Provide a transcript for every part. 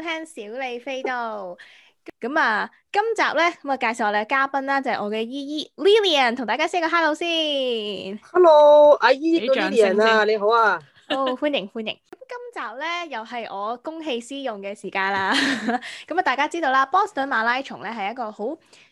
聽小李飛刀咁啊！今集咧咁啊，介紹我哋嘅嘉賓啦，就係我嘅姨姨 Lillian，同大家 say 個 hello 先。Hello，阿姨 Lillian 啊，你好啊！哦，歡迎歡迎。咁今集咧又係我公器私用嘅時間啦。咁啊，大家知道啦，Boston 馬拉松咧係一個好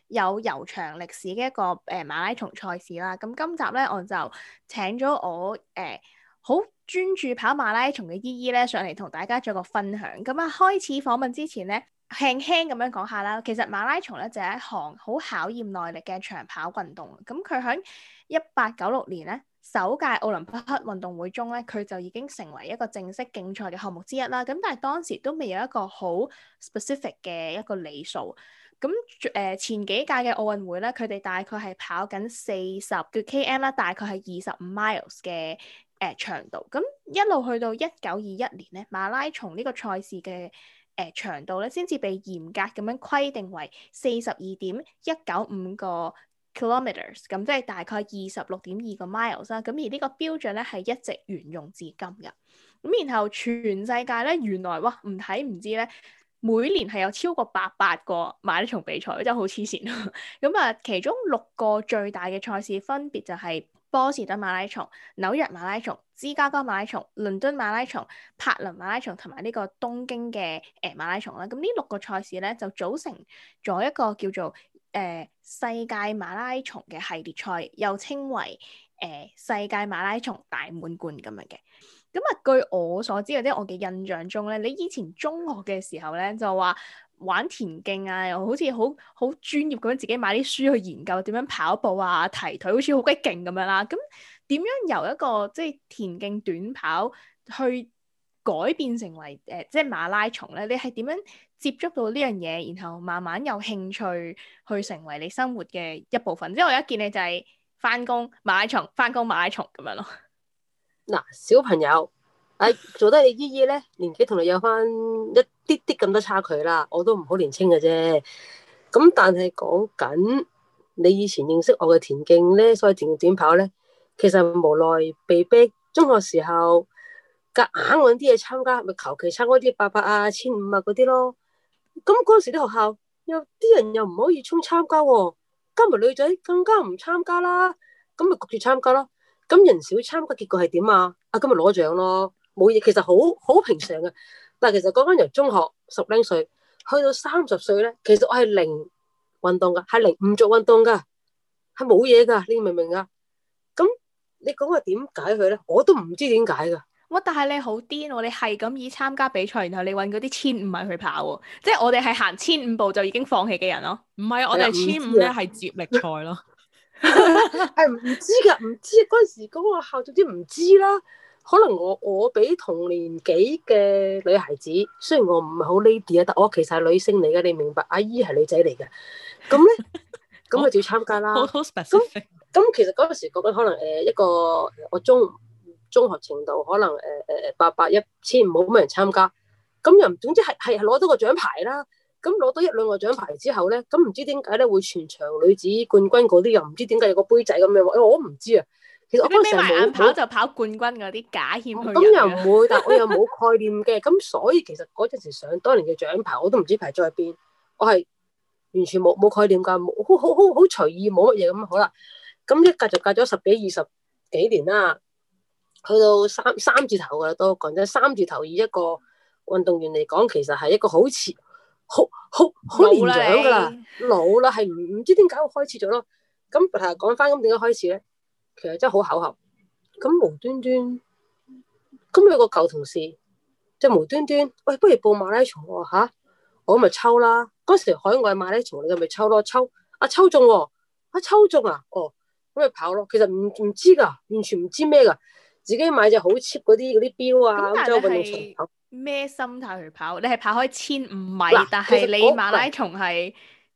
有悠長歷史嘅一個誒馬拉松賽事啦。咁今集咧我就請咗我誒好。專注跑馬拉松嘅姨姨咧，上嚟同大家做個分享。咁啊，開始訪問之前咧，輕輕咁樣講下啦。其實馬拉松咧就係、是、一項好考驗耐力嘅長跑運動。咁佢喺一八九六年咧，首屆奧林匹克運動會中咧，佢就已經成為一個正式競賽嘅項目之一啦。咁但係當時都未有一個好 specific 嘅一個里數。咁誒、呃、前幾屆嘅奧運會咧，佢哋大概係跑緊四十嘅 km 啦，大概係二十五 miles 嘅。誒、呃、長度，咁一路去到一九二一年咧，馬拉松呢個賽事嘅誒、呃、長度咧，先至被嚴格咁樣規定為四十二點一九五個 kilometers，咁即係大概二十六點二個 miles 啦。咁而呢個標準咧係一直沿用至今日。咁然後全世界咧原來哇唔睇唔知咧，每年係有超過八百個馬拉松比賽，真係好黐線咯。咁啊，其中六個最大嘅賽事分別就係、是。波士頓馬拉松、紐約馬拉松、芝加哥馬拉松、倫敦馬拉松、柏林馬拉松同埋呢個東京嘅誒馬拉松啦，咁呢六個賽事咧就組成咗一個叫做誒、呃、世界馬拉松嘅系列賽，又稱為誒、呃、世界馬拉松大滿貫咁樣嘅。咁啊，據我所知，或、就、者、是、我嘅印象中咧，你以前中學嘅時候咧就話。玩田徑啊，又好似好好專業咁樣，自己買啲書去研究點樣跑步啊、提腿，好似好鬼勁咁樣啦、啊。咁點樣由一個即係、就是、田徑短跑去改變成為誒、呃、即係馬拉松咧？你係點樣接觸到呢樣嘢，然後慢慢有興趣去成為你生活嘅一部分？即係我一見你就係翻工馬拉松，翻工馬拉松咁樣咯。嗱、啊，小朋友，誒、哎，做得你姨姨咧，年紀同你有翻一。啲啲咁多差距啦，我都唔好年青嘅啫。咁但係講緊你以前認識我嘅田徑咧，所以田徑短跑咧，其實無奈被逼中學時候夾硬揾啲嘢參加，咪求其參加啲八百啊、千五啊嗰啲咯。咁嗰時啲學校又啲人又唔可以衝參加喎，加埋女仔更加唔參加啦。咁咪焗住參加咯。咁人少參加，結果係點啊？啊，今日攞獎咯，冇嘢，其實好好平常嘅。但係其實講翻由中學十零歲去到三十歲咧，其實我係零運動噶，係零唔做運動噶，係冇嘢噶，你明唔明啊？咁你講話點解佢咧？我都唔知點解噶。我但係你好癲，你係咁以參加比賽，然後你搵嗰啲千五米去跑，即係我哋係行千五步就已經放棄嘅人咯。唔係，我哋千五咧係接力賽咯。係唔、哎、知噶，唔、 哎、知嗰時嗰個校，總之唔知啦。可能我我比同年紀嘅女孩子，雖然我唔係好 lady 啊，但我其實係女性嚟嘅，你明白？阿姨係女仔嚟嘅，咁咧，咁就要參加啦。咁 其實嗰陣時覺得可能誒一個，一個我中中學程度可能誒誒八百一千唔好咁嘅人參加，咁又總之係係攞到個獎牌啦。咁攞到一兩個獎牌之後咧，咁唔知點解咧會全場女子冠軍嗰啲又唔知點解有個杯仔咁樣喎？我唔知啊。其實我孭埋眼跑就跑冠軍嗰啲假險去咁又唔會，但我又冇概念嘅。咁 所以其實嗰陣時上當年嘅獎牌，我都唔知排咗去邊。我係完全冇冇概念噶，好好好好隨意，冇乜嘢咁好啦，咁一隔就隔咗十幾二十幾年啦，去到三三字頭噶都講真，三字頭，頭以一個運動員嚟講，其實係一個好似好好好年長噶啦，老啦，係唔唔知點解會開始咗咯。咁係講翻咁點解開始咧？其實真係好巧合，咁無端端，咁有個舊同事，即係無端端，喂，不如報馬拉松喎，吓，我咪抽啦。嗰時海外馬拉松你咪抽咯，抽，啊抽中喎，啊抽中啊，哦，咁咪跑咯。其實唔唔知噶，完全唔知咩噶，自己買隻好 cheap 嗰啲嗰啲表啊，咁樣運動場跑，咩心態去跑？你係跑開千五米，但係你馬拉松係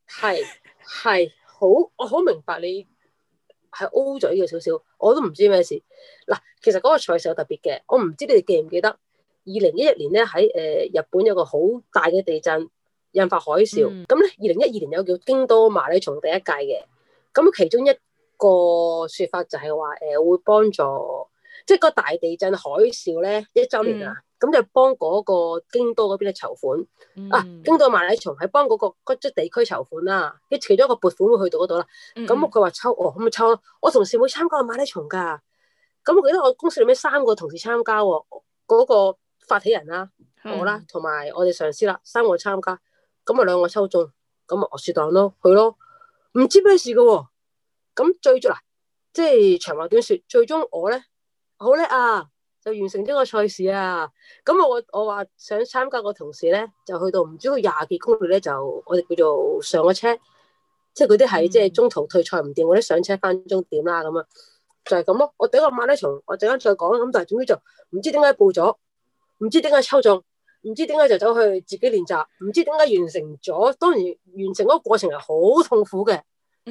係係好，我好明白你。係 O 嘴嘅，少少，我都唔知咩事。嗱，其實嗰個賽事有特別嘅，我唔知你哋記唔記得？二零一一年咧喺誒日本有個好大嘅地震，引發海嘯。咁咧、嗯，二零一二年有叫京都馬拉松第一屆嘅。咁其中一個説法就係話誒會幫助，即係個大地震海嘯咧一周年啊！嗯咁就幫嗰個京都嗰邊嘅籌款、嗯、啊，京都嘅馬拉松係幫嗰個嗰啲、那個、地區籌款啦、啊，啲其，其中一個撥款會去到嗰度啦。咁佢話抽哦，咁咪抽咯。我同事會參加馬拉松噶。咁我記得我公司裏面三個同事參加喎、哦，嗰、那個發起人啦、啊，嗯、我啦，同埋我哋上司啦，三個參加，咁咪兩個抽中，咁啊適當咯去咯，唔知咩事噶喎、哦。咁最終啊，即係長話短說，最終我咧好叻啊！就完成咗個賽事啊！咁我我話想參加個同事咧，就去到唔知佢廿幾公里咧，就我哋叫做上咗車，即係嗰啲係即係中途退賽唔掂，或者、嗯、上車翻終點啦咁啊，就係咁咯。我第一個馬拉松，我陣間再講咁，但係總之就唔知點解報咗，唔知點解抽中，唔知點解就走去自己練習，唔知點解完成咗。當然完成嗰個過程係好痛苦嘅。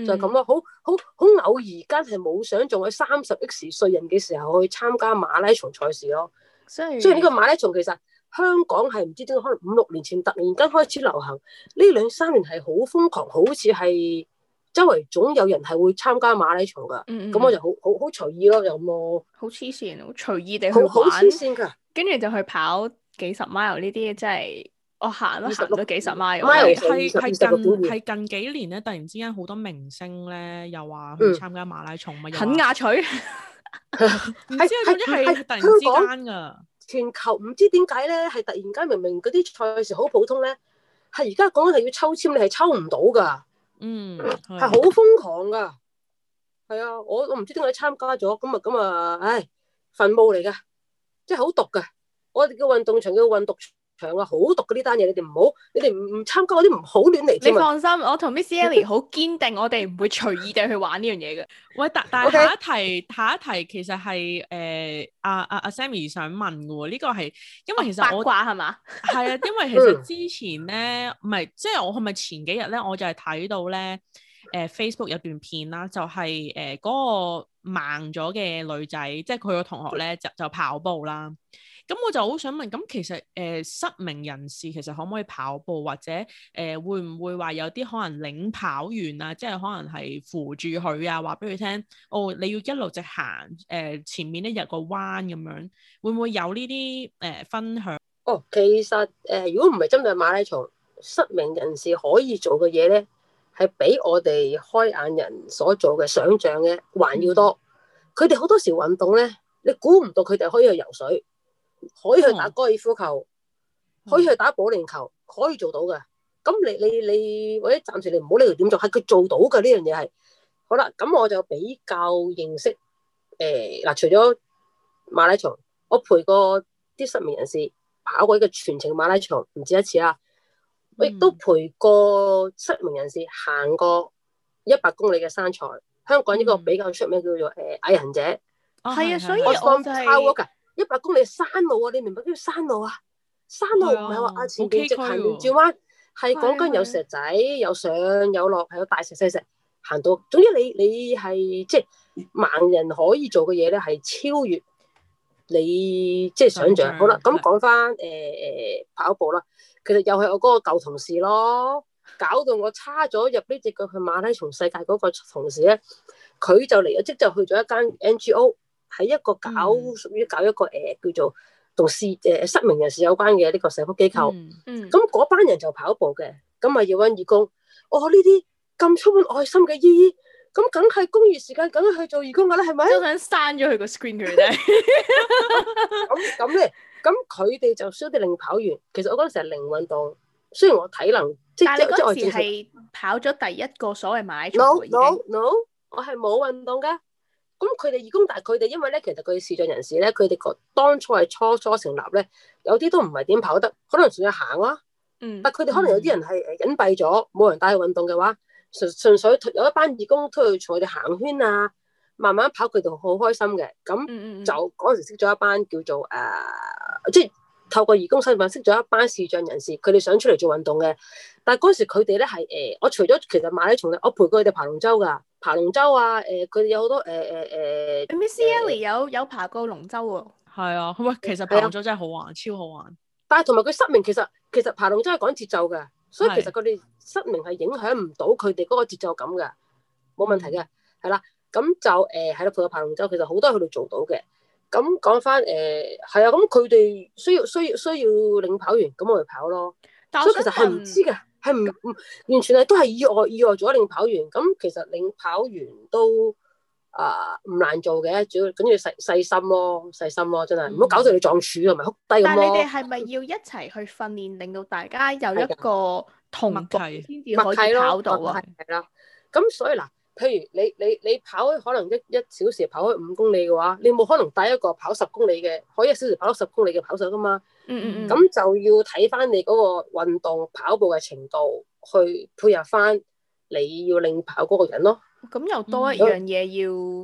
就係咁咯，好好好偶然間係冇想像喺三十 X 歲的人嘅時候去參加馬拉松賽事咯。所以呢個馬拉松其實香港係唔知點解，可能五六年前突然間開始流行，呢兩三年係好瘋狂，好似係周圍總有人係會參加馬拉松㗎。咁、嗯嗯、我就好好好隨意咯，又冇好黐線，隨意地去玩，好黐線㗎！跟住就去跑幾十 mile 呢啲嘅，真係～我行咯，行咗幾十米。係係係近係近幾年咧，突然之間好多明星咧，又話去參加馬拉松，咪又肯亞取。唔知總之係突然之間噶。全球唔知點解咧，係突然間明明嗰啲賽事好普通咧，係而家講緊係要抽籤，你係抽唔到噶。嗯，係好瘋狂噶。係啊，我我唔知點解參加咗，咁啊咁啊，唉，墳墓嚟噶，即係好毒噶。我哋叫運動場叫運動場。強啦，好、嗯、毒噶呢單嘢，你哋唔好，你哋唔唔參加嗰啲唔好亂嚟。亂你放心，我同 Miss Ellie 好堅定， 我哋唔會隨意地去玩呢樣嘢嘅。喂，但但下一題，Okay. 下一題其實係誒阿、呃、阿阿、啊啊啊、Sammy 想問嘅，呢個係因為其實我、哦、八卦係嘛？係啊，因為其實之前咧，唔係 即係我係咪前幾日咧，我就係睇到咧，誒、呃、Facebook 有段片啦，就係誒嗰個盲咗嘅女仔，即係佢個同學咧就就跑步啦。 咁我就好想問，咁其實誒、呃、失明人士其實可唔可以跑步或者誒、呃、會唔會話有啲可能領跑員啊，即係可能係扶住佢啊，話俾佢聽哦，你要一路直行誒、呃，前面一日個彎咁樣，會唔會有呢啲誒分享？哦，其實誒、呃、如果唔係針對馬拉松，失明人士可以做嘅嘢咧，係比我哋開眼人所做嘅想象嘅還要多。佢哋好多時運動咧，你估唔到佢哋可以去游水。可以去打高爾夫球，嗯、可以去打保齡球，嗯、可以做到嘅。咁你你你，或者暫時你唔好理佢點做，係佢做到嘅呢樣嘢係。好啦，咁我就比較認識誒嗱、呃，除咗馬拉松，我陪過啲失明人士跑過個全程馬拉松唔止一次啦。嗯、我亦都陪過失明人士行過一百公里嘅山賽，香港呢個比較出名叫做誒毅行者。係、嗯哦、啊，所以我。我是我就是一百公里山路啊，你明白咩叫山路啊？山路唔係話啊前幾直行完轉彎，係講緊有石仔，有上有落，有大石細石，石，行到。總之你你係即係盲人可以做嘅嘢咧，係超越你即係、就是、想象。Oh, 好啦，咁講翻誒誒跑步啦，其實又係我嗰個舊同事咯，搞到我叉咗入呢隻腳去馬拉松世界嗰個同事咧，佢就嚟咗即就去咗一間 NGO。喺一個搞屬於搞一個誒、呃、叫做同視誒失明人士有關嘅呢個社福機構，咁嗰、嗯嗯、班人就跑步嘅，咁啊要揾義工。我呢啲咁充滿愛心嘅姨姨，咁梗係工余時間梗係去做義工噶啦，係咪？都想刪咗佢個 screen 佢哋、 啊？咁咁咧，咁佢哋就燒啲零跑完。其實我嗰陣時係零運動，雖然我體能即係即係但你嗰陣時係跑咗第一個所謂馬拉松 No no no，, no 我係冇運動噶。咁佢哋義工，但係佢哋因為咧，其實佢哋視障人士咧，佢哋覺當初係初初成立咧，有啲都唔係點跑得，可能純粹行啦。嗯。但佢哋可能有啲人係隱蔽咗，冇人帶佢運動嘅話，純純粹有一班義工出去坐住行圈啊，慢慢跑，佢哋好開心嘅。咁就嗰陣時識咗一班叫做誒、啊，即係。透過義工身份識咗一班視障人士，佢哋想出嚟做運動嘅。但係嗰時佢哋咧係誒，我除咗其實馬拉松咧，我陪過佢哋爬龍舟㗎，爬龍舟啊誒，佢、呃、哋有好多誒誒誒，Miss 有有爬過龍舟喎、哦。係啊，喂，其實爬龍舟真係好玩，啊、超好玩。但係同埋佢失明，其實其實爬龍舟係講節奏㗎，所以其實佢哋失明係影響唔到佢哋嗰個節奏感㗎，冇問題嘅，係啦、啊。咁就誒喺度陪佢爬龍舟，其實好多佢哋做到嘅。咁講翻誒係啊，咁佢哋需要需要需要領跑員，咁我哋跑咯。所以其實係唔知嘅，係唔唔完全係都係意外意外做咗領跑員。咁其實領跑員都啊唔難做嘅，主要跟住細細心咯，細心咯，真係唔好搞到你撞柱同埋屈低咁。但係你哋係咪要一齊去訓練，令到大家有一個默契，先至可以跑到啊？係啦，咁所以嗱。譬如你你你跑可能一一小時跑去五公里嘅話，你冇可能帶一個跑十公里嘅，可以一小時跑開十公里嘅跑手噶嘛？嗯嗯嗯。咁就要睇翻你嗰個運動跑步嘅程度，去配合翻你要令跑嗰個人咯。咁、嗯嗯、所以又多一樣嘢要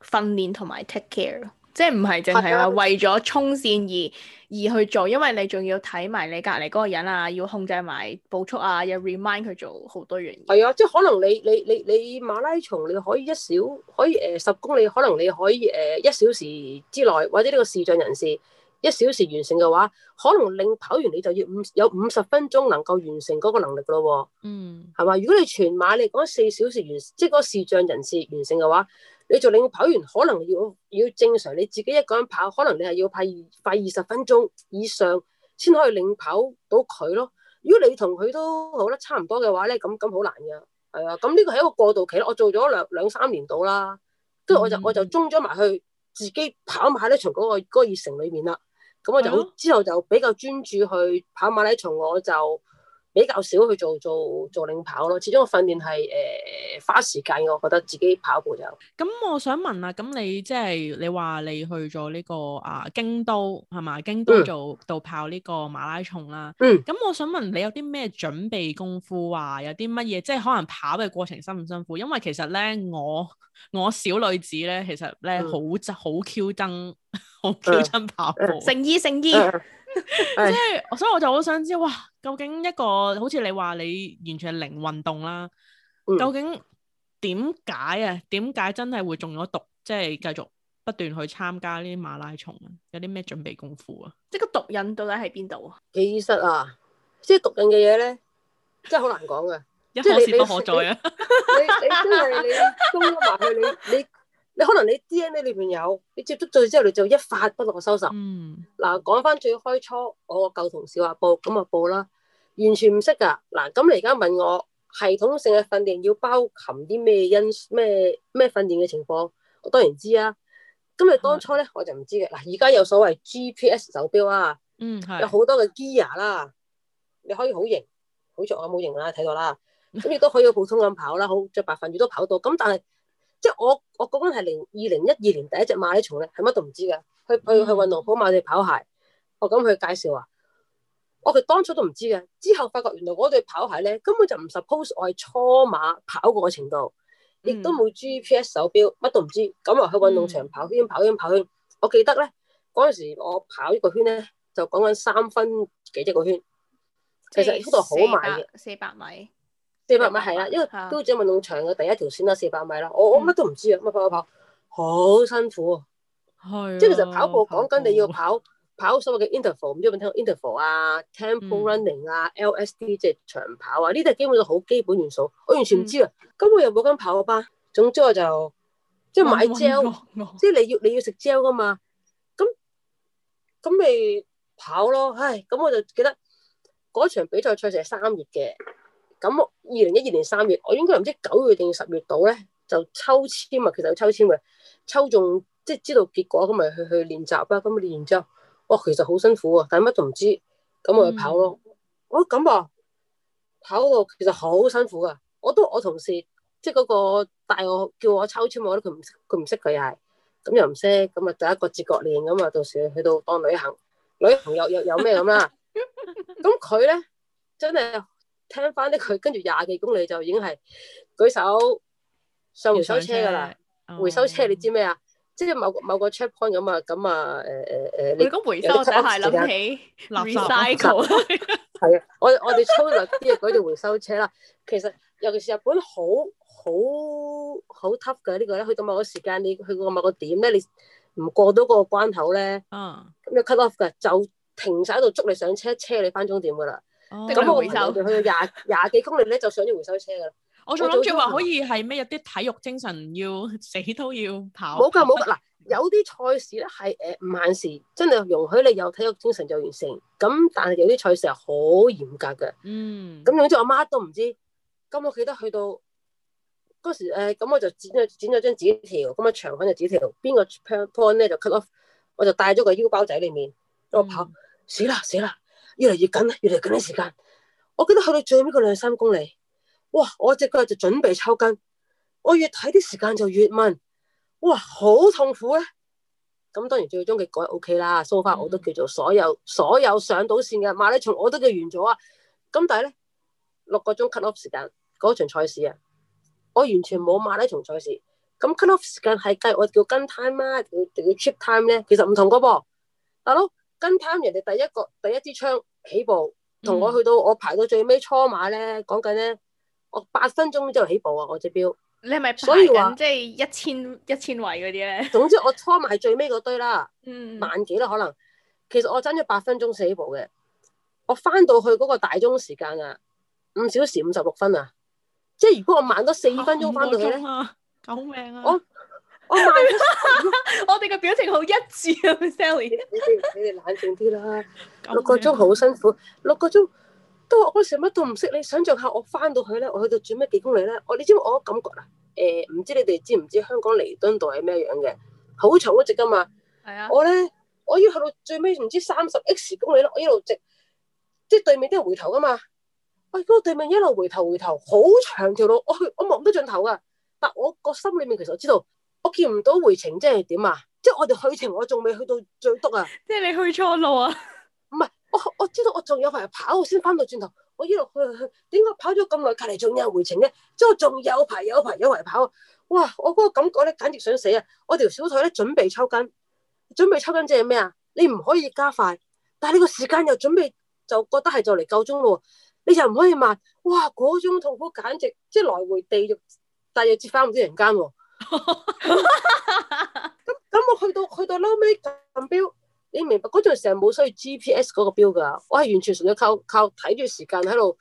訓練同埋 take care。即係唔係淨係話為咗衝線而而去做，因為你仲要睇埋你隔離嗰個人啊，要控制埋步速啊，要 remind 佢做好多樣嘢。係啊，即係可能你你你你，你馬拉松你可以一小可以誒十、呃、公里，可能你可以誒一、呃、小時之內，或者呢個視障人士。一小時完成嘅話，可能領跑員你就要五有五十分鐘能夠完成嗰個能力咯、哦、嗯，係嘛？如果你全馬你講四小時完，即係嗰個視障人士完成嘅話，你做領跑員可能要要正常你自己一個人跑，可能你係要快快二十分鐘以上先可以領跑到佢咯。如果你同佢都好得差唔多嘅話咧，咁咁好難嘅。係啊，咁呢個係一個過渡期咯。我做咗兩兩三年到啦，跟住我就、嗯、我就中咗埋去自己跑埋呢場嗰個嗰個熱誠、裡面啦。咁我就好，嗯、之後就比較專注去跑馬拉松，我就。比較少去做做做領跑咯，始終個訓練係誒、呃、花時間我覺得自己跑步就。咁我想問、即係你你呢個、啊，咁你即係你話你去咗呢個啊京都係咪？京都做度、嗯、跑呢個馬拉松啦。嗯。咁我想問你有啲咩準備功夫啊？有啲乜嘢？即係可能跑嘅過程辛唔辛、辛苦？因為其實咧，我我小女子咧，其實咧好好 Q 憎，好 Q 憎跑步。誠意誠意。即係、 就是，所以我就好想知道，哇，究竟一個好似你話你完全係零運動啦，嗯、究竟點解啊？點解真係會中咗毒，即、就、係、是、繼續不斷去參加呢啲馬拉松啊？有啲咩準備功夫啊？即係個毒癮到底喺邊度啊？其實啊，即係毒癮嘅嘢咧，真係好難講噶，可一不可再啊 你你你你， 你，你真係你勾埋去你你。你 你可能你 DNA 裏邊有，你接觸咗之後你就一發不可收拾。嗱、嗯，講翻、啊、最開初，我個舊同事話報，咁啊報啦，完全唔識噶。嗱、啊，咁你而家問我系統性嘅訓練要包含啲咩因咩咩訓練嘅情況，我當然知啊。咁你當初咧的我就唔知嘅。嗱、啊，而家有所謂 GPS 手表啊，嗯、有好多嘅 gear 啦，你可以好型好似我，冇型啦睇到啦，咁亦都可以普通咁跑啦，好着白分住都跑到。咁但係。即係我，我嗰陣係零二零一二年第一隻馬拉松咧，係乜都唔知嘅，去去去運動鋪買對跑鞋，mm hmm. 我咁佢介紹啊，我哋當初都唔知嘅，之後發覺原來嗰對跑鞋咧根本就唔 suppose 我係初馬跑過嘅程度，亦都冇 GPS 手表，乜都唔知，咁啊去運動場跑圈跑圈、mm hmm. 跑圈，我記得咧嗰陣時我跑一個圈咧就講緊三分幾一個圈，其實速度好慢嘅，四百米。四百米係啊，的的因為標準運動場嘅第一條線啦，四百米啦，我我乜都唔知啊，乜、嗯、跑跑跑，好辛苦啊，係的，即係其實跑步講緊你要跑，跑，步跑所謂嘅 interval，唔知有冇聽過 interval 啊，tempo running 啊、嗯、，LSD 即係長跑啊，呢啲係基本都好基本元素，我完全唔知啊，咁、嗯、我又冇咁跑嘅班，總之我就即係買 gel 即係你要你要食 gel 噶嘛，咁咁咪跑咯，唉，咁我就記得嗰場比賽賽事係三月嘅。咁二零一二年三月，我應該唔知九月定十月度咧，就抽籤啊，其實要抽籤嘅，抽中即係知道結果，咁咪去去練習啦。咁練完之後，哇、哦，其實好辛苦啊，但乜都唔知。咁我去跑咯，嗯、哦，咁啊，跑到其實好辛苦啊。我都我同事即係嗰個帶我叫我抽籤，我覺得佢唔佢唔識佢又係，咁又唔識，咁啊，第一各自各練咁啊，到時去到當旅行，旅行又又又咩咁啦。咁佢咧真係。聽翻咧，佢跟住廿幾公里就已經係舉手上回收車噶啦。回收車你知咩啊？即係某個某個 check point 咁啊，咁啊，誒誒誒，你講回收，我第一諗起 recycle。係啊，我我哋粗略啲啊，改做回收車啦。其實尤其是日本好好好 tough 嘅呢個咧，去到某個時間，你去到某個點咧，你唔過到嗰個關口咧，咁你 cut off 嘅，就停晒喺度捉你上車，車你翻終點噶啦。咁我回收，去到廿廿幾公里咧，就上咗回收車噶。我仲諗住話可以係咩？有啲體育精神，要死都要跑。冇噶冇噶嗱，有啲賽事咧係誒唔限時，真係容許你有體育精神就完成。咁但係有啲賽事係好嚴格嘅。嗯。咁總之，我媽都唔知。咁我記得去到嗰時，誒咁我就剪咗剪咗張紙條，咁啊長款嘅紙條，邊個 point 咧就 cut off，我就帶咗個腰包仔裏面，我跑死啦死啦。越嚟越緊啦，越嚟越緊嘅時間。我記得去到最尾嗰兩三公里，哇！我隻腳就準備抽筋。我越睇啲時間就越悶，哇！好痛苦咧。咁當然最終將佢改 O K 啦，So far 我都叫做所有所有上到線嘅馬拉松我都叫完咗啊。咁但係咧六個鐘 cut off 時間嗰場賽事啊，我完全冇馬拉松賽事。咁 cut off 時間係計我叫跟 time 啊，定定叫 trip time 咧？其實唔同噶噃，大佬。跟貪人哋第一個第一支槍起步，同我去到我排到最尾初馬咧，講緊咧，我八分鐘之後起步啊，我隻錶。你係咪所以話即係一千一千位嗰啲咧？ 總之我初馬係最尾嗰堆啦，嗯、萬幾啦可能。其實我爭咗八分鐘起步嘅，我翻到去嗰個大鐘時間啊，五小時五十六分啊，即係如果我慢多四分鐘翻到去咧，救、啊、命啊！我 我哋嘅表情好一致啊，Sally。 你哋你哋冷靜啲啦。六 個鐘好辛苦，六個鐘都我嗰時乜都唔識。你想象下，我翻到去咧，我去到最尾幾公里咧，我你知唔知我感覺啊？誒、呃，唔知你哋知唔知香港彌敦道係咩樣嘅？好長一直㗎嘛。係啊。我咧，我要去到最尾唔知三十 X 公里咯，我一路直，即係對面都係回頭㗎嘛。喂、哎，嗰、那個、對面一路回頭回頭，好長條路，我去我望唔到盡頭啊。但我個心裏面其實我知道。我見唔到回程，即係點啊？即係我哋去程，我仲未去到最篤啊！即係你去錯路啊？唔係，我我知道，我仲有排跑，我先翻到轉頭。我一路去去，點解跑咗咁耐，隔籬仲有回程咧？即係我仲有排，有排，有排，有排跑。哇！我嗰個感覺咧，簡直想死啊！我條小腿咧，準備抽筋，準備抽筋，即係咩啊？你唔可以加快，但係呢個時間又準備，就覺得係就嚟夠鐘咯。你就唔可以慢。哇！嗰種痛苦簡直即係來回地獄，但又接返唔知人間喎。咁咁 我去到去到撈尾撳表，你明白嗰陣、那個、時係冇需要 G P S 嗰個表噶，我係完全純粹靠靠睇住時間喺度，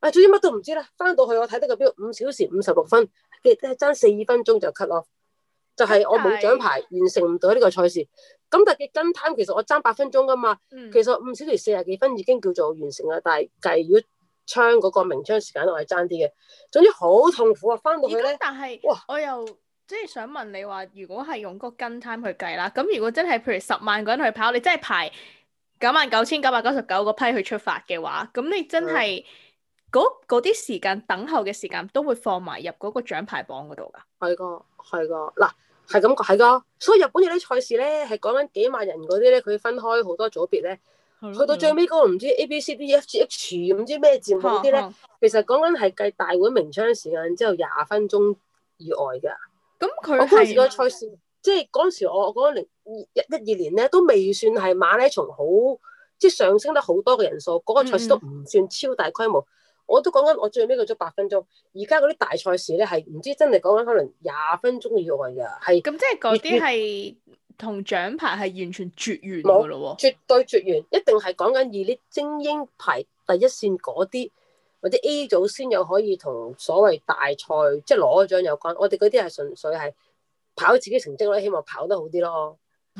啊，總之乜都唔知啦。翻到去我睇得個表五小時五十六分，亦都係爭四分鐘就 cut 咯，就係、是、我冇獎牌，完成唔到呢個賽事。咁但係是跟 time 其實我爭八分鐘噶嘛，嗯、其實五小時四十幾分已經叫做完成啦。但係計如果槍嗰個鳴槍時間我係爭啲嘅，總之好痛苦啊！翻到去咧，哇，我又～即係想問你話，如果係用嗰個跟 time 去計啦，咁如果真係譬如十萬個人去跑，你真係排九萬九千九百九十九個批去出發嘅話，咁你真係嗰啲時間等候嘅時間都會放埋入嗰個獎牌榜嗰度噶？係個係個嗱，係咁講係噶，所以日本有啲賽事咧，係講緊幾萬人嗰啲咧，佢分開好多組別咧，去到最尾嗰個唔知 A、B、C、D、E、F、G、H 唔知咩字母嗰啲咧，其實講緊係計大會鳴槍時間之後廿分鐘以外噶。咁佢，我嗰陣時個賽事，即係嗰陣時我我嗰年一一二年咧，都未算係馬拉松好，即係上升得好多嘅人數。嗰個賽事都唔算超大規模。我都講緊我最尾攞咗八分鐘。而家嗰啲大賽事咧，係唔知真係講緊可能廿分鐘以外㗎。係咁，即係嗰啲係同獎牌係完全絕緣㗎咯喎，絕對絕緣，一定係講緊以呢精英排第一線嗰啲。或者 A 組先有可以同所謂大賽即係攞咗獎有關，我哋嗰啲係純粹係跑自己成績咯，希望跑得好啲咯。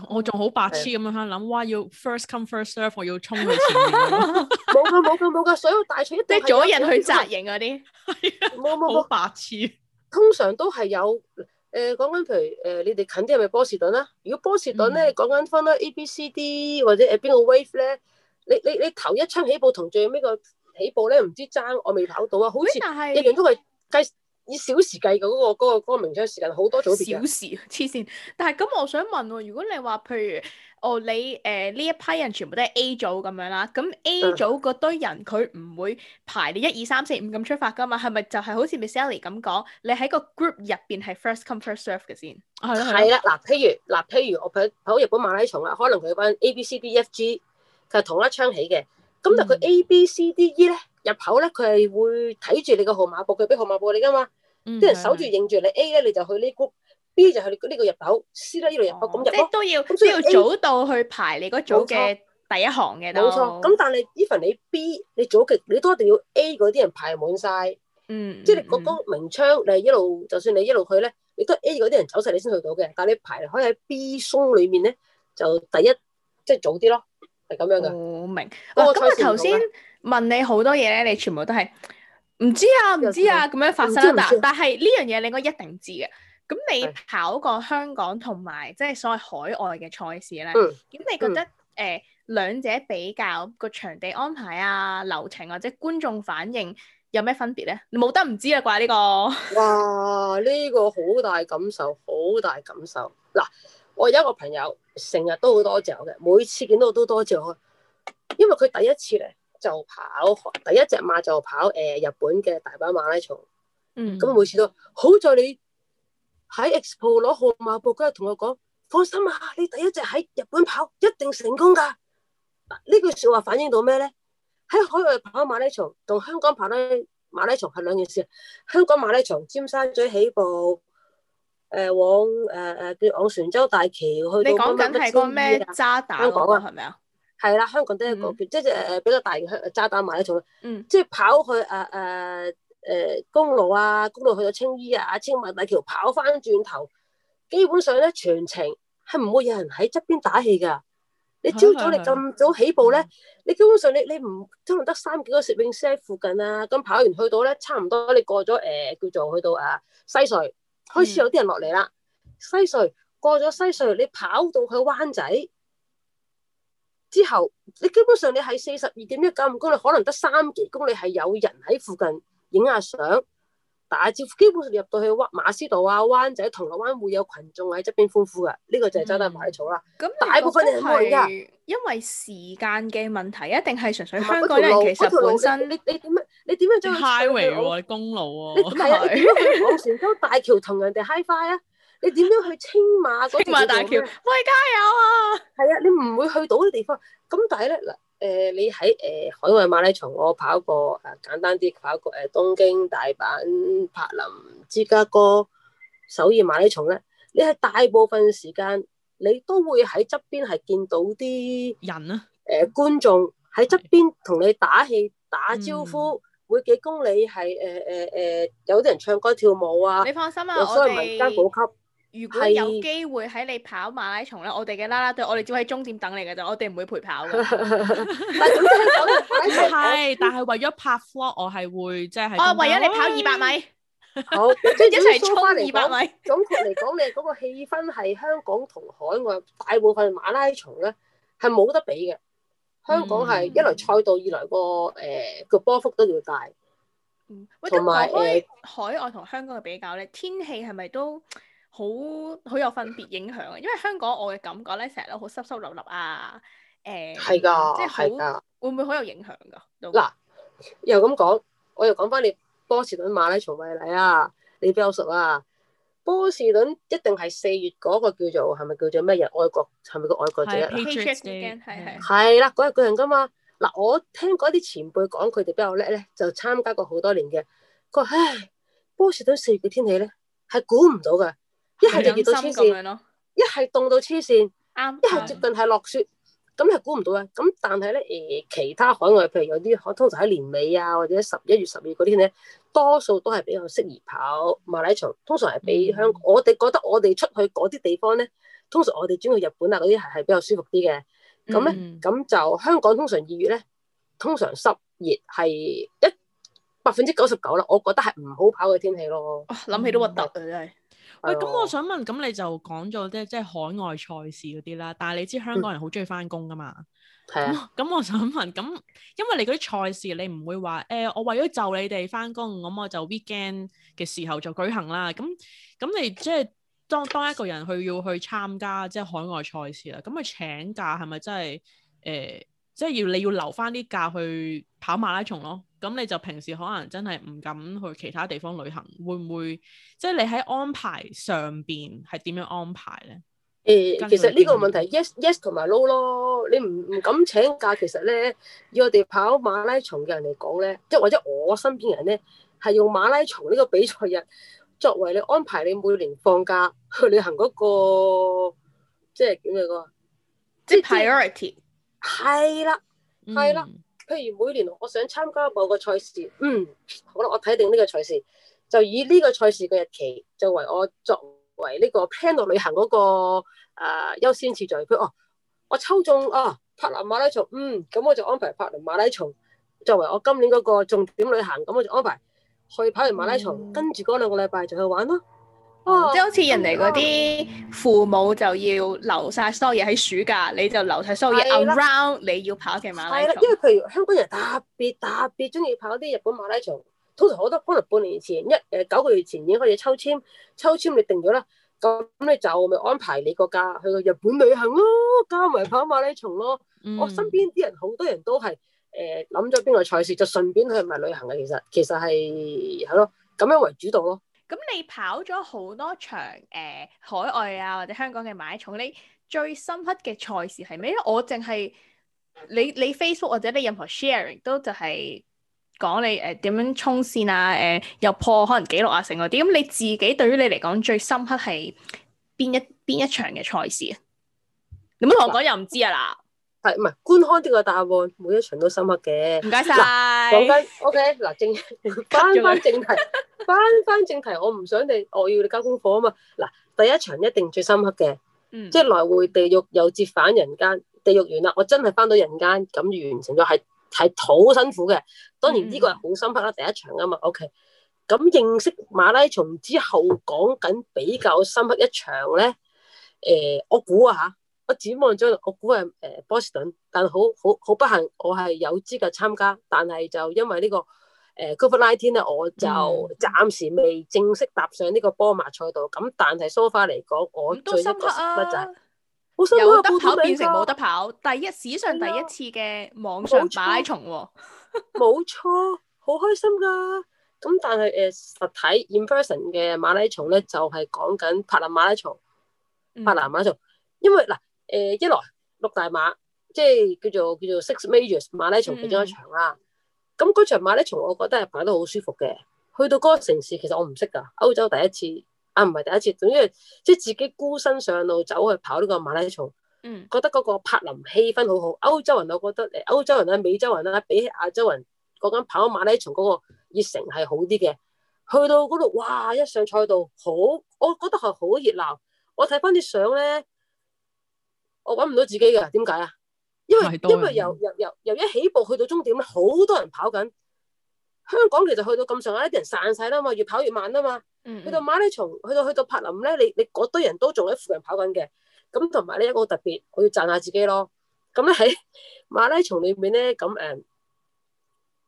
我仲好白痴咁樣，諗的哇，要 first come first serve，我要衝到前面。冇噶冇噶冇噶，所有大賽一定係阻人去紮營嗰啲。冇冇冇白痴。通常都係有誒、呃、講緊，譬如誒、呃、你哋近啲係咪波士頓啦？如果波士頓咧、嗯、講緊分啦 A、B、C、D 或者誒邊個 wave 咧，你你你，你，你頭一槍起步同最尾個。起步咧唔知爭，我未跑到啊，好似一樣都係計以小時計嘅嗰、嗰個嗰個鳴槍時間，好多組別嘅小時黐線，但係咁我想問喎，如果你話譬如哦你誒呢、呃、一批人全部都係 A 組咁樣啦，咁 A 組嗰堆人佢唔、嗯、會排你一二三四五咁出發㗎嘛？係咪就係好似 Miss Sally 咁講，你喺個 group 入邊係 first come first serve 嘅先？係啦，嗱了的、啊，譬如嗱、啊，譬如我跑日本馬拉松啦，可能佢班 A B C B F G，就同一槍起嘅。咁但佢 A、B、C、D、E 咧入口咧，佢係會睇住你個號碼簿，佢俾號碼簿你噶嘛。啲、嗯、人守住認住你 A 咧，你就去呢 group；B 就去呢個入口；C 咧呢度入口。咁入係、哦、都要、嗯、都要早到去排你嗰組嘅第一行嘅。冇錯。咁但係 even 你 B 你早嘅，你都一定要 A 嗰啲人排滿晒。嗯嗯、即係嗰個名窗，你係一路就算你一路去咧，你都 A 嗰啲人走晒，你先去到嘅。但係你排可以喺 B 松裏面咧，就第一即係、就是、早啲咯。咁樣噶，我明。咁我日頭先問你好多嘢咧，你全部都係唔知啊，唔知啊咁樣發生啦。但係呢樣嘢你應該一定知嘅。咁、嗯、你跑過香港同埋即係所謂海外嘅賽事咧，咁、嗯、你覺得誒、嗯呃、兩者比較個場地安排啊、流程、啊、或者觀眾反應有咩分別咧？你冇得唔知啦啩呢個？哇！呢、呢個好大感受，好大感受嗱。我有一個朋友，成日都好多謝嘅，每次見到我都多謝我，因為佢第一次咧就跑第一隻馬就跑誒日本嘅大阪馬拉松，嗯，咁每次都好在你喺 Expo 攞號碼布嗰日同我講，放心啊，你第一隻喺日本跑一定成功㗎。呢句説話反映到咩咧？喺海外跑馬拉松同香港跑馬馬拉松係兩件事。香港馬拉松，尖沙咀起步。誒、呃，往誒誒、呃，叫往船洲大橋去。你講緊係個咩渣打啊？啊香港啊，係咪啊？係啦，香港得一個，即係誒，比較大嘅渣打馬拉松。即係、嗯、跑去誒誒誒公路啊，公路去到青衣啊，青馬大橋跑翻轉頭，基本上咧全程係唔會有人喺側邊打氣噶。你朝早你咁早起步咧，是是是是你基本上你你唔可能得三幾個攝影師喺附近啊。咁跑完去到咧，差唔多你過咗誒、呃，叫做去到啊西隧。開始有啲人落嚟啦，嗯、西隧過咗西隧，你跑到去灣仔之後，你基本上你喺四十二點一九五公里，可能得三幾公里係有人喺附近影下相、打招呼。基本上入到去馬師道啊、灣仔、銅鑼灣會有群眾喺側邊歡呼噶，呢、嗯、個就係真嘅，假嘅草啦。咁大部分人去係因為時間嘅問題，一定係純粹香港人，其實本身你。你點樣。你點樣做 highway 公路啊？你係啊，點樣去昂船洲大橋同人哋 high fi 啊？Fi? 你點樣去青馬？青馬大橋，喂，加油啊！係啊，你唔會去到啲地方。咁但係咧嗱，誒、呃，你喺誒、呃、海外馬拉松，我跑過誒、呃、簡單啲，跑過誒、呃、東京、大阪、柏林、芝加哥、首爾馬拉松咧。你係大部分時間，你都會喺側邊係見到啲人啊呢，誒、呃、觀眾喺側邊同你打氣、打招呼。嗯每幾公里係誒誒誒，有啲人唱歌跳舞啊！你放心啊，我哋唔係間補給。如果係有機會喺你跑馬拉松咧，我哋嘅啦啦隊，我哋只會喺終點等你嘅啫，我哋唔會陪跑。唔係，係但係為咗拍拖，我係會即係喺。哦，為咗你跑二百米，好即係一齊衝翻二百米。總括嚟講，你嗰個氣氛係香港同海外大部分馬拉松咧，係冇得比嘅。香港係一來賽道，二來個誒個波幅都要會大。嗯，同埋有海外同香港嘅比較咧，呃，天氣係咪都好好有分別影響啊？因為香港我嘅感覺咧，成日都好濕濕立立啊，誒係㗎，的即係的會唔會好有影響㗎？嗱，又咁講，我又講翻你波士頓馬拉松為例啊，你比較熟啊。波士頓一定係四月嗰個叫做係咪叫做咩人愛國，係咪個愛國者啊？係係係啦，嗰日嗰人噶嘛嗱，我聽嗰啲前輩講佢哋比較叻咧，就參加過好多年嘅，佢話唉，波士頓四月嘅天氣咧係估唔到噶，一係就熱到黐線，咯一係凍到黐線，啱、哦，一係接近係落雪。咁你估唔到啦，咁但係咧誒，其他海外譬如有啲可通常喺年尾啊，或者十一月、十二月嗰啲咧，多數都係比較適宜跑馬拉松。通常係比香港，嗯、我哋覺得我哋出去嗰啲地方咧，通常我哋轉去日本啊嗰啲係係比較舒服啲嘅。咁咧、嗯，咁就香港通常二月咧，通常濕熱係一百分之九十九啦，我覺得係唔好跑嘅天氣咯。諗、嗯、起都核突嘅真係。嗯喂，咁我想問，咁你就講咗即即係海外賽事嗰啲啦，但係你知香港人好中意翻工㗎嘛？係啊。咁我想問，咁因為你嗰啲賽事，你唔會話誒，我為咗就你哋翻工，咁我就 weekend 嘅時候就舉行啦。咁咁你即係當當一個人去要去參加即係、就是、海外賽事啦，咁啊請假係咪真係誒？呃即係要你要留翻啲假去跑馬拉松咯，咁你就平時可能真係唔敢去其他地方旅行，會唔會？即係你喺安排上邊係點樣安排咧？誒、欸，其實呢個問題 yes yes 同埋 no 咯，你唔唔敢請假，其實咧，要我哋跑馬拉松嘅人嚟講咧，即係或者我身邊人咧，係用馬拉松呢個比賽日作為你安排你每年放假去旅行嗰、那個，即係叫咩個，即係 priority。係啦，係啦。譬如每年我想參加某個賽事，嗯，好啦，我睇定呢個賽事，就以呢個賽事嘅日期作為我作為呢個 plan 度旅行嗰、那個誒、呃、優先次序。佢哦，我抽中哦柏林馬拉松，嗯，咁我就安排柏林馬拉松作為我今年嗰個重點旅行，咁我就安排去跑完馬拉松，嗯、跟住嗰兩個禮拜就去玩咯。哦，即係好似人哋嗰啲父母就要留晒所有嘢喺暑假，你就留晒所有嘢 around 了你要跑嘅馬拉松。係啦，因為佢香港人特別特別鍾意跑啲日本馬拉松。通常好多可能半年前一誒、呃、九個月前已經開始抽籤，抽籤你定咗啦，咁你就咪安排你個假去到日本旅行咯，加埋跑馬拉松咯。嗯、我身邊啲人好多人都係誒諗咗邊個賽事，就順便去埋旅行嘅。其實其實係係咯，咁樣為主導咯。咁你跑咗好多場誒、呃、海外啊或者香港嘅馬拉松，你最深刻嘅賽事係咩咧？我淨係你你 Facebook 或者你任何 sharing 都就係講你誒點、呃、樣衝線啊，誒、呃、又破可能紀錄啊，成嗰啲。咁你自己對於你嚟講最深刻係邊一邊一場嘅賽事啊？你唔好同我講 又唔知啊嗱。係唔係？觀看呢個答案，每一場都深刻嘅。唔該晒，講翻 OK 嗱，正 翻翻正題， 翻翻正題，我唔想你，我要你交功課啊嘛。嗱，第一場一定最深刻嘅，嗯、即係來回地獄又折返人間。地獄完啦，我真係翻到人間咁完成咗，係係好辛苦嘅。當然呢個係好深刻啦，嗯、第一場啊嘛。OK，咁認識馬拉松之後，講緊比較深刻一場咧，誒、呃，我估下。我展望咗，我估係誒波士頓，但係好好好不幸，我係有資格參加，但係就因為、這個呃、呢個誒 COVID-19 咧，我就暫時未正式踏上呢個波馬賽道。咁、嗯、但係 so far 嚟講，我最深刻就係有得跑變成冇得跑，啊、第一史上第一次嘅網上馬拉松喎、啊。冇、嗯、錯，好 開心㗎！咁 但係誒實體 in person 嘅馬拉松咧，就係、是、講緊柏林馬拉松，柏林馬拉松，嗯、因為嗱。誒、呃，一來六大馬，即係叫做叫做 six majors 馬拉松其中一場啦。咁嗰、嗯、場馬拉松，我覺得係跑得好舒服嘅。去到嗰個城市，其實我唔識噶，歐洲第一次啊，唔係第一次，總之即係自己孤身上路走去跑呢個馬拉松。嗯，覺得嗰個柏林氣氛好好，歐洲人我覺得誒，歐洲人啊，美洲人啊，比起亞洲人嗰間跑馬拉松嗰個熱誠係好啲嘅。去到嗰度，哇！一上賽道，好，我覺得係好熱鬧。我睇翻啲相咧。我搵唔到自己嘅，點解啊？因為因為由由由由一起步去到終點好多人跑緊。香港其實去到咁上下咧，啲人散晒啦嘛，越跑越慢啦嘛。嗯嗯去到馬拉松，去到去到柏林咧，你你嗰堆人都仲喺附近跑緊嘅。咁同埋呢一個特別，我要讚下自己咯。咁咧喺馬拉松裏面咧，咁誒、嗯，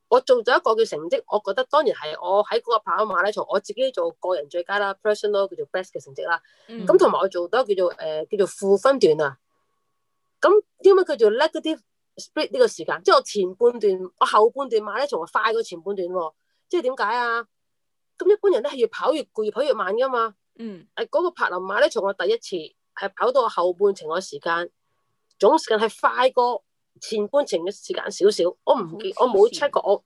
我做咗一個叫成績，我覺得當然係我喺嗰個跑馬拉松，我自己做個人最佳啦，person 咯，Personal，叫做 best 嘅成績啦。咁同埋我做到叫做誒叫做負分段啊。咁點解佢做 negative split 呢個時間？即係我前半段，我後半段馬拉松係快過前半段喎、啊。即係點解啊？咁一般人咧係越跑越攰，越跑越慢噶嘛。嗯，誒，嗰個柏林馬拉松我第一次係跑到我後半程間，嘅時間總時間係快過前半程嘅時間少少。我唔記得，我冇 check 過。我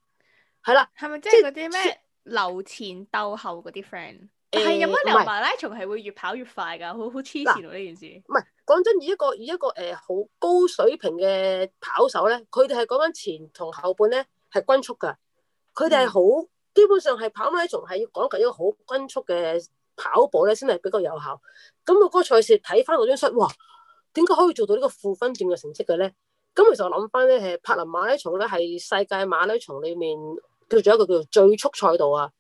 係啦。係咪即係嗰啲咩留前斗後嗰啲 friend？係、嗯、有乜？留馬拉松係會越跑越快噶，好好黐線喎呢件事。唔係。講真，以一個以一個誒、呃、好高水平嘅跑手咧，佢哋係講緊前同後半咧係均速噶。佢哋係好，嗯、基本上係跑馬拉松係要講緊一個好均速嘅跑步咧，先係比較有效。咁個嗰個賽事睇翻嗰張相，哇、嗯！點解可以做到呢個負分段嘅成績嘅咧？咁其實我諗翻咧，誒柏林馬拉松咧係世界馬拉松裏面叫做一個叫做最速賽道啊。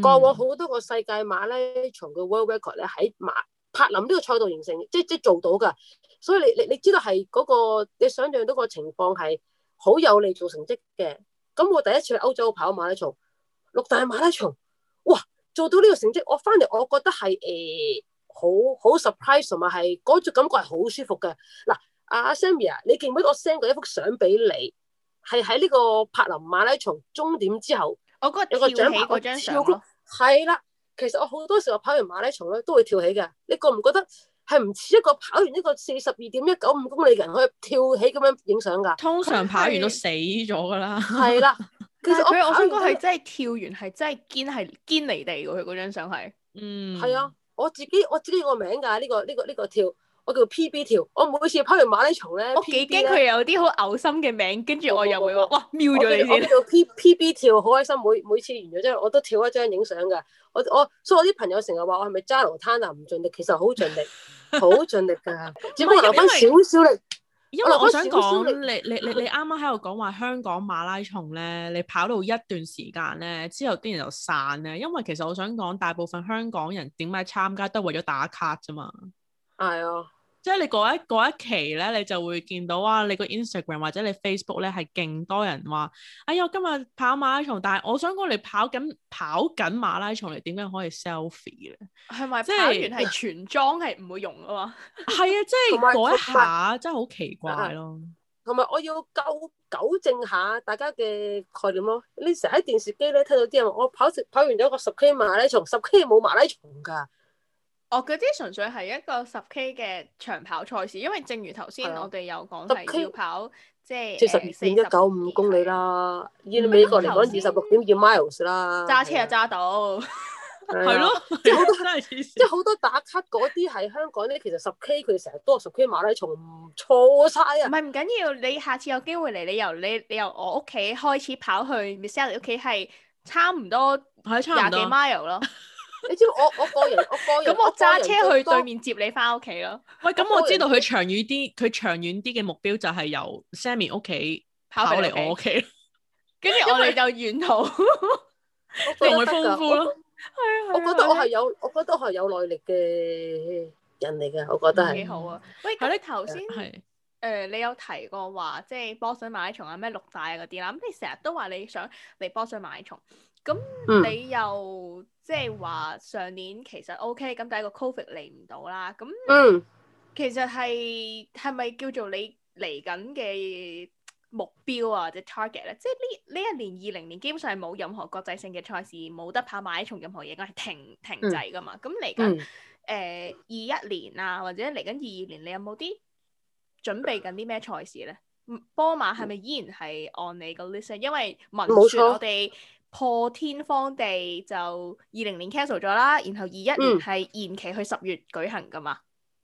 過往好多個世界馬拉松嘅 World Record 咧喺馬。柏林呢個賽道形成，即即做到噶，所以你你你知道係嗰、那個你想象到個情況係好有利做成績嘅。咁我第一次去歐洲跑馬拉松，六大馬拉松，哇，做到呢個成績，我翻嚟我覺得係誒好好 surprise，同埋係嗰種感覺係好舒服嘅。嗱，阿 Sammy 啊，Sam ia, 你見唔見我 send 過一幅相俾你？係喺呢個柏林馬拉松終點之後，我嗰日跳起嗰張相咯，係啦。其實我好多時候跑完馬拉松咧，都會跳起嘅。你覺唔覺得係唔似一個跑完一個四十二點一九五公里人去跳起咁樣影相噶？通常跑完都死咗噶啦。係啦 ，其實佢我想講係真係跳完係真係堅係堅離地嘅佢嗰張相係。 嗯。係啊，我自己我自己個名噶呢個，呢個，呢個跳。我叫 P B 跳，我每次跑完馬拉松咧，我幾驚佢有啲好嘔心嘅名，跟住我又會話哇，瞄咗你先我叫， 我叫 P, P P B 跳，好開心，每每次完咗之後，我都跳一張影相噶。我我，所以我啲朋友成日話我係咪渣流攤啊？唔盡力，其實好盡力，好盡 力噶，只不過留翻少少力。因為我想講，你你你你啱啱喺度講話香港馬拉松咧，你跑到一段時間咧之後，啲人就散咧，因為其實我想講，大部分香港人點解參加都係為咗打卡啫嘛。係啊。即係你嗰一嗰一期咧，你就會見到啊，你個 Instagram 或者你 Facebook 咧係勁多人話，哎呀今日跑馬拉松，但係我想講你跑緊跑緊馬拉松你點樣可以 selfie 咧？係咪即係跑完係全裝係唔會用啊嘛？係 啊，即係改有一下 真係好奇怪咯。同埋我要糾糾正下大家嘅概念咯、哦。你成日喺電視機咧睇到啲人，我跑跑完咗個十 K 馬拉松，十 K 冇馬拉松噶。哦，嗰啲純粹係一個十 K 嘅長跑賽事，因為正如頭先我哋有講係要跑，即係四十二點一九五公里啦，以美國嚟講二十六點二 miles 啦，揸車又揸到，係咯，好多都係黐線。即係好多打卡嗰啲係香港咧，其實十 K 佢成日都話十 K 馬拉松唔錯晒啊！唔係唔緊要，你下次有機會嚟，你由你你由我屋企開始跑去 Michelle 屋企係差唔多差廿幾 mile 咯。你知我，我個人，我個人咁，我揸車去對面接你翻屋企咯。喂，咁我知道佢長遠啲，佢長遠啲嘅目標就係由 Sammy 屋企跑到嚟我屋企，跟住我哋就沿途我會豐富咯。係啊，我覺得我係有，我覺得我係有耐力嘅人嚟嘅。我覺得係幾好啊。喂，你頭先，係誒、呃，你有提過話，即係波水馬拉松啊，咩六大嗰啲啦。咁你成日都話你想嚟波水馬拉松，咁你又？嗯即係話上年其實 OK，咁但係個 Covid 嚟唔到啦，咁、嗯、其實係係咪叫做你嚟緊嘅目標啊？或者 target 咧、啊，即係呢呢一年二零年基本上係冇任何國際性嘅賽事，冇得跑馬拉松任何嘢，應該係停停滯噶嘛。咁嚟緊誒二一年啊，或者嚟緊二二年，你有冇啲準備緊啲咩賽事咧？波馬係咪依然係按你個 list 咧？因為聞説錯我哋。破天荒地就二零年 cancel 咗啦，然後二一年係延期去十月舉行噶嘛？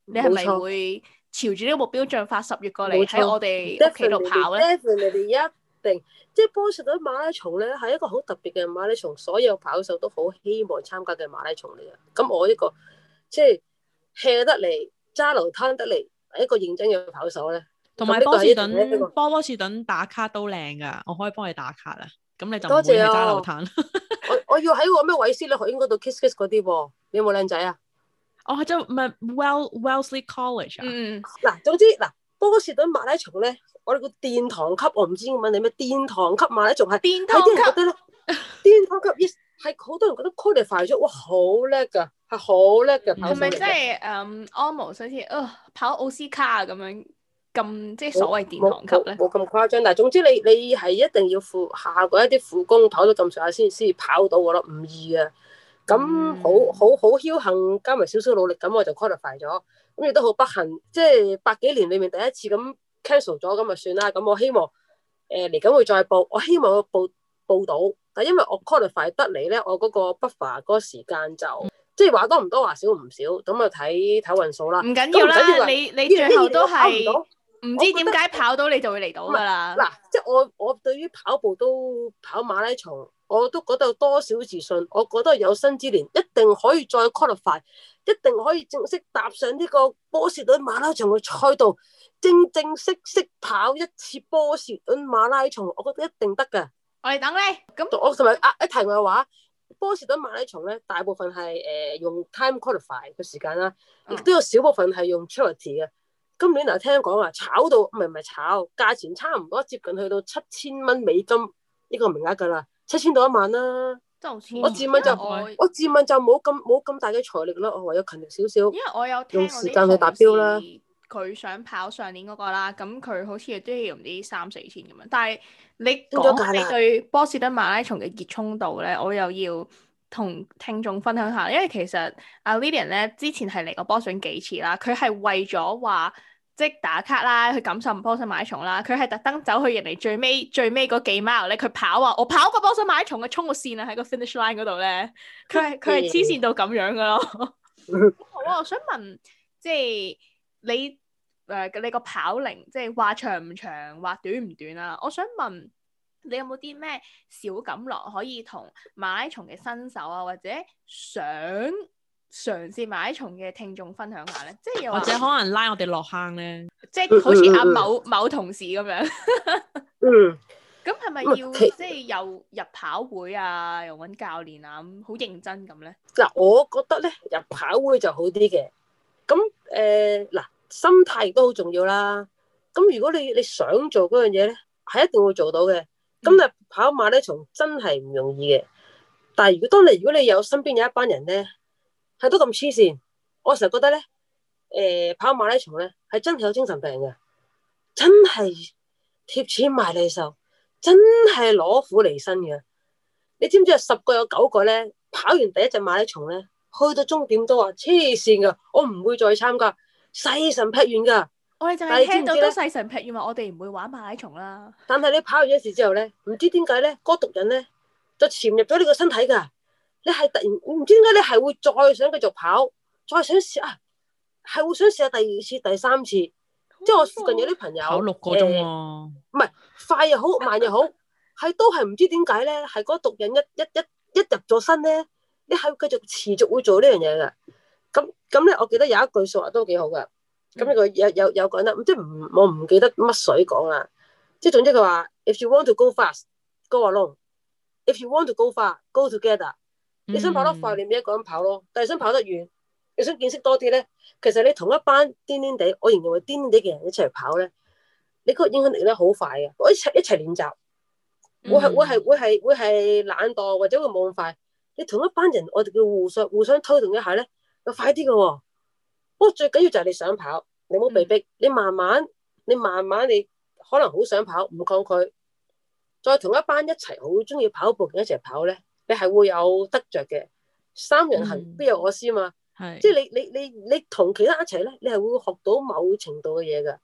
嗯、你係咪會朝住呢個目標，進發十月過嚟，喺冇錯我哋屋企度跑咧？一定，即係波士頓馬拉松咧，係一個好特別嘅馬拉松，所有跑手都好希望參加嘅馬拉松嚟嘅。咁我呢、這個即係 hea 得嚟，揸流攤得嚟，一個認真嘅跑手咧。同埋有波士頓、這個，波波士頓打卡都靚噶，我可以幫你打卡啦。咁你就冇去揸流炭。我要我要喺個咩韋斯利學院嗰度 kiss kiss 嗰啲，有冇靚仔啊？有有啊哦，即唔係 Well Wellesley College 啊？嗯，嗱，總之嗱，波士頓馬拉松咧，我哋個殿堂級，我唔知點問你咩？殿堂級馬拉松係殿 堂級，殿堂級 yes，係好多人覺得 qualify 咗，哇，好叻噶，係好叻噶，係咪即係嗯是是、um,，almost 好似啊，跑奧斯卡咁樣。咁即係所謂殿堂級咧，冇咁誇張，但係總之你你係一定要付下嗰一啲苦工，跑咗咁上下先先跑到嘅咯，唔易啊，咁、嗯、好好好僥幸，加埋少少努力，咁我就 qualify 咗。咁亦都好不幸，即係百幾年裡面第一次咁 cancel 咗，咁就算啦。咁我希望誒嚟緊會再報，我希望我報報到。但係因為我 qualify 得嚟咧，我嗰個 buffer 嗰個時間就、嗯、即係話多唔多話少唔少，咁啊睇睇運數啦。唔緊要啦，你你最後都係到。唔知點解跑到你就會嚟到㗎啦！嗱、啊，即係我我對於跑步都跑馬拉松，我都覺得有多少自信，我覺得有生之年一定可以再 qualify，一定可以正式踏上呢個波士頓馬拉松嘅賽道，正正式式跑一次波士頓馬拉松，我覺得一定得㗎。我哋等你。咁我同埋啊一提嘅話波士頓馬拉松咧，大部分係誒、呃、用 time qualify 嘅時間啦，亦都、嗯、有少部分係用 charity 嘅。今年嗱聽講話，炒到唔係唔係炒，價錢差唔多接近去到七千蚊美金呢個名額噶啦，七千到一萬啦、啊。就千萬我自問就我，我自問就冇咁冇咁大嘅財力咯，我唯有勤力少少。因為我有聽我用時間去啲同事啦。佢想跑上年嗰、那個啦，咁佢好似亦都要用啲三四千咁樣，但係你講你對波士頓馬拉松嘅熱衷度咧，我又要。同聽眾分享下，因為其實阿 Lillian 咧之前係嚟過波士頓幾次啦，佢係為咗話即係打卡啦，去感受波士頓馬拉松啦，佢係特登走去人哋最尾最尾嗰幾 mile 咧，佢跑啊，我跑過波士頓馬拉松嘅，衝個線啊喺個 finish line 嗰度咧，佢係佢係黐線到咁樣噶咯。 好啊，我想問，即係你誒、呃、你個跑齡，即係話長唔長，話短唔短啊？我想問。你有冇啲咩小錦囊可以同馬拉松嘅新手啊，或者想嘗試馬拉松嘅聽眾分享下咧？即係又或者可能拉我哋落坑咧？即係好似阿某某同事咁樣。嗯，咁係咪要即係又入跑會啊，又揾教練啊，咁好認真咁咧？嗱，我覺得咧入跑會就好啲嘅。咁誒，嗱，呃，心態都好重要啦。咁如果你你想做嗰樣嘢咧，係一定會做到嘅。咁啊，嗯、跑馬拉松真係唔容易嘅。但係如果當你如果你有身邊有一班人咧，係都咁黐線，我成日覺得咧，誒、呃、跑馬拉松咧係真係有精神病嘅，真係貼錢買難受，真係攞苦嚟辛嘅。你知唔知啊？十個有九個咧，跑完第一隻馬拉松咧，去到終點都話黐線㗎，我唔會再參加，精神劈完㗎。我哋就係聽到都細神撇，因為我哋唔會玩馬拉松啦。但係你跑完一次之後咧，唔知點解咧，嗰毒癮咧就潛入咗你個身體噶。你係突然唔知點解，你係會再想繼續跑，再想試，係會想試下第二次、第三次。即係我附近有啲朋友跑六個鐘啊，唔係快又好，慢又好，係都係唔知點解咧。係嗰毒癮一一一一入咗身咧，你係會繼續持續會做呢樣嘢噶。咁咁咧，我記得有一句說話都幾好噶。咁呢、嗯、個有有有講得，即係唔我唔記得乜水講啦。即係總之佢話，if you want to go fast, go alone. If you want to go fast, go together。嗯、你想跑得快，你咪一個人跑咯。但係想跑得遠，你想見識多啲咧，其實你同一班癲癲地，我認為癲癲地嘅人一齊跑咧，你嗰個影響力咧好快嘅。我一齊一齊練習，會係、嗯、會係會係會係懶惰或者會冇咁快。你同一班人，我哋要互相互相推動一下咧，要快啲嘅喎。不過最緊要就係你想跑，你冇被逼，嗯、你慢慢，你慢慢，你可能好想跑，唔抗拒，再同一班一齊好中意跑步一齊跑咧，你係會有得着嘅。三人行、嗯、必有我師嘛，是即係你你你你，你同其他一齊咧，你係會學到某程度嘅嘢噶。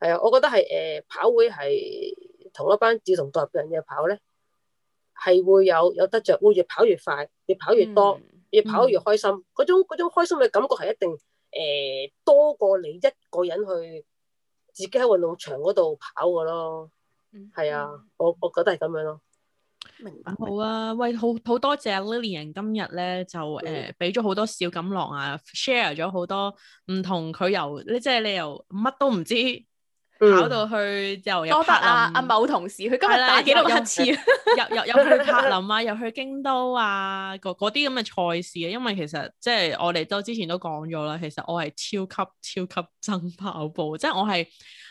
係啊，我覺得係誒、呃、跑會係同一班志同道合嘅人嘅跑咧，係會有有得着，會越跑越快，越跑越多，嗯嗯、越跑越開心。嗰種嗰種，種開心嘅感覺係一定。誒多過你一個人去自己喺運動場嗰度跑嘅咯，係、嗯、啊，嗯、我我覺得係咁樣咯。明白好啊，喂，好好多謝 Lillian 今日咧，就誒俾咗好多小錦囊啊，share 咗好多唔同佢由，即、就、係、是、你由，乜都唔知。跑到去又多得啊！阿某同事佢今日打幾多一次？又又又去柏林啊，又去京都啊，嗰啲咁嘅賽事啊。因為其實即係我哋都之前都講咗啦，其實我係超級超級爭跑步，即係我係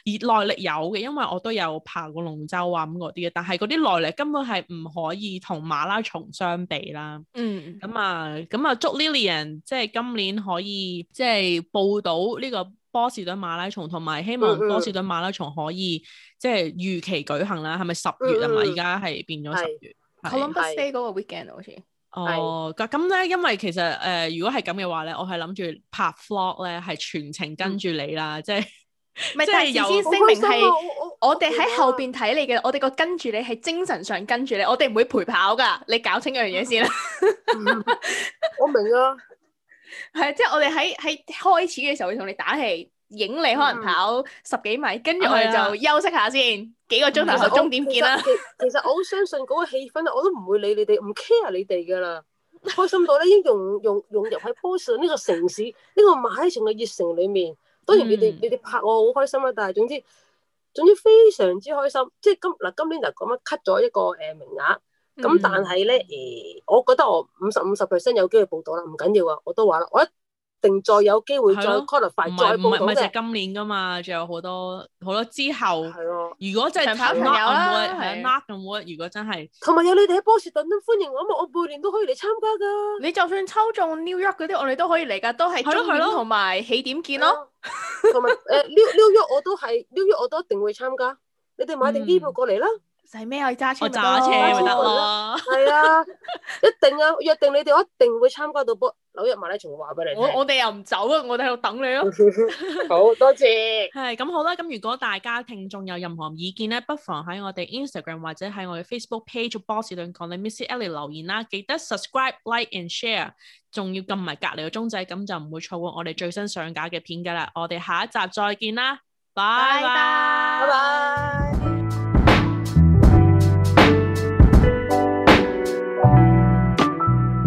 熱耐力有嘅，因為我都有爬過龍舟啊咁嗰啲嘅。但係嗰啲耐力根本係唔可以同馬拉松相比啦。嗯，咁啊，咁啊，祝 Lillian 即係今年可以即係報到呢、呢個。波士頓馬拉松同埋希望波士頓馬拉松可以即係如期舉行啦，係咪十月啊？嘛，而家係變咗十月。我諗不 stay 嗰個 weekend 好似。哦，咁咧，因為其實誒，如果係咁嘅話咧，我係諗住拍 vlog 咧，係全程跟住你啦，即係。唔係，但係事先聲明係，我哋喺後邊睇你嘅，我哋個跟住你係精神上跟住你，我哋唔會陪跑噶，你搞清樣嘢先啦。我明啊。係，即係我哋喺喺開始嘅時候會同你打氣，影你可能跑十幾米，跟住、嗯、我哋就休息下先，嗯、幾個鐘頭後終點見啦。其實我好相信嗰個氣氛啊，我都唔會理你哋，唔 care 你哋噶啦，開心到咧， 已經融融融入喺波士頓呢個城市，呢、這個馬城嘅熱城裏面。當然你哋、嗯、你哋拍我好開心啦，但係總之總之非常之開心。即係今嗱今，今年就咁樣 cut 咗一個誒名額。咁、嗯、但係咧，誒、呃，我覺得我五十五十 percent 有機會報到啦，唔緊要啊，我都話啦，我一定再有機會再 qualify 再報到啫。唔係就今年噶嘛，仲有好多好多之後。係咯的。如果就係 not award，not award 如果真係同埋有你哋喺波士頓都歡迎我嘛，我半年都可以嚟參加噶。你就算抽中 New York 嗰啲，我哋都可以嚟噶，都係終點同埋起點見咯。係咯。同埋誒 New New York 我都係 New York 我都一定會參加，你哋買定呢部過嚟啦。使咩去揸車咪得咯？係啊，一定啊！約定你哋，我一定會參加到波紐約馬拉松，仲會話俾你聽。我我哋又唔走啊！我哋喺度等你咯。好多謝。係咁好啦，咁如果大家聽眾有任何意見咧，不妨喺我哋 Instagram 或者喺我哋 Facebook page 波士頓港的 Missy Ellie 留言啦。記得 subscribe、like and share，仲要撳埋隔籬個鐘仔，咁就唔會錯過我哋最新上架嘅片噶啦。我哋下一集再見啦，拜拜，拜拜。